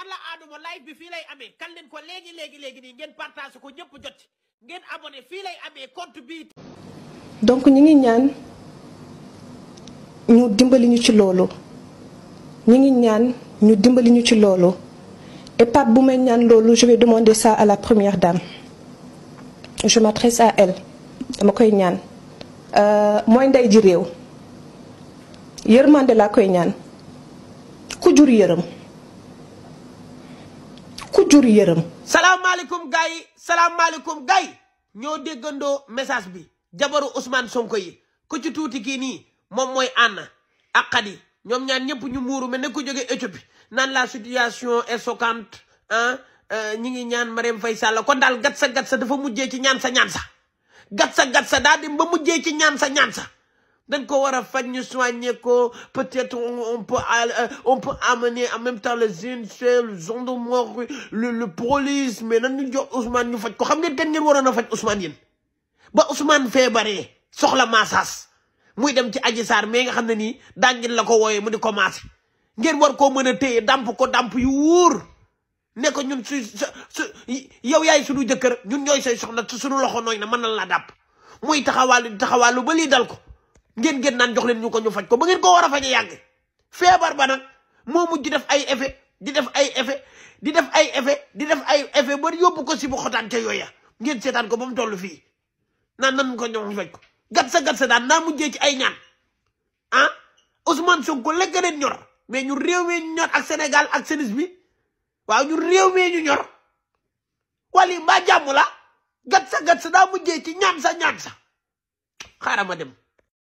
alla aaduma live bi fii lay amee kan leen ko léegi léegi léegi nii ngeen partage ko ñëpp jot ngeen abonné fii lay amee compte bi donc ñu ngi ñaan ñu dimbali ci loolu ñu ngi ñaan ñu dimbali ci loolu et Pape bu may ñaan loolu je vais demander ça première dame je m'adresse dama koy ñaan euh, mooy ndey ji réew yërmande laa koy ñaan ku jur yërëm jur yërëm. salaamaaleykum gars yi salaamaaleykum gars ñoo déggandoo message bi jabaru Ousmane Sonko yi ku ci tuuti kii nii moom mooy Anna ak Khady ñoom ñaan ñëpp ñu muuru mais ne ko jógee Éthiopie nan la situation est choquante ah ñi ngi ñaan Marème fay Sall kon daal gat sa gat sa dafa mujjee ci ñaan sa ñaan sa gat sa gat sa daa dem ba mujjee ci ñaan sa ñaan dañ ko war a faj ñu soigner ko peut-être on peut euh, on peut amener en même temps les UNICEF le gendarmerie le le police mais nan ñu jox Ousmane ñu faj ko xam ngeen kan ngeen waroon a faj Ousmane yéen ba Ousmane feebaree soxla massage muy dem ci Adji Sarr mais nga xam ne nii daa ngeen la ko wooyee mu di commencé ngeen war koo mën a téye damp ko damp yu wóor ne ñun su su yow yaay suñu jëkkër ñun ñooy say soxna su suñu loxo nooy na mën na la dàpp muy taxawaalu taxawaalu ba lii dal ko ngeen ngeen naan jox leen ñu ko ñu faj ko ba ngeen ko war a faje yàgg feebar ba nag moo mujj def ay effet di def ay effet di def ay effet di def ay effet ba yóbbu ko si bu xotaan ca yooya ngeen seetaan ko ba mu toll fii naan nan ko ñoom faj ko gat sa gat sa daan naa mujjee ci ay ñaan ah Ousmane Sonko lekk leen ñor mais ñu réew mee ñu ak Sénégal ak senis bi waaw ñu réew mee ñu ñor wali jàmm la gat sa gat sa daa mujjee ci ñaan sa ñaan sa xaaral ma dem